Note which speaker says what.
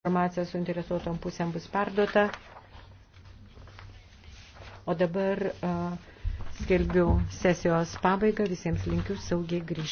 Speaker 1: informacija suinteresuotom pusėm bus perduota. O dabar uh, skelbiu sesijos pabaigą. Visiems linkiu saugiai grįžti.